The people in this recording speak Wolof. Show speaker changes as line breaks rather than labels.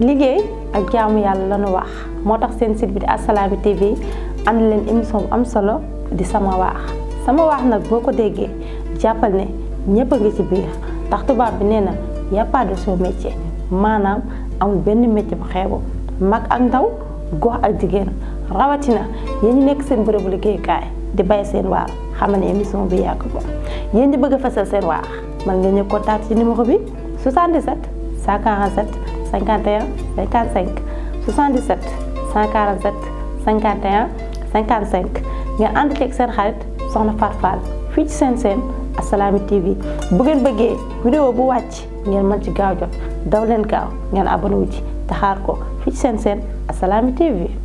liggéey ak jaamu yàlla lañu wax moo tax seen site bi di Assalaamy TV na leen émission bu am solo di sama waax sama waax nag boo ko déggee jàppal ne ñëpp a ngi ci biir ndax tubaab bi nee na y a pas maanaam amul benn métier bu xeebu mag ak ndaw gox ak jigéen rawatina yéen nekk seen bërëbu liggéeyukaay di bay seen waar xam ne émission bi yàgg ko yéen di bëgg a fesal seen waax mën nga ñu contact ci numéro bi 77 147. 51 55 77 147 51 55 ngeen ànd ceeg seen xarit soxna Fatou Fall fii ci seen seen Assalaamy TV bu ngeen bëggee vidéo bu wàcc ngeen mën ci gaaw jot daw leen gaaw ngeen abonné wu ci te xaar ko fii ci seen seen Assalaamy TV.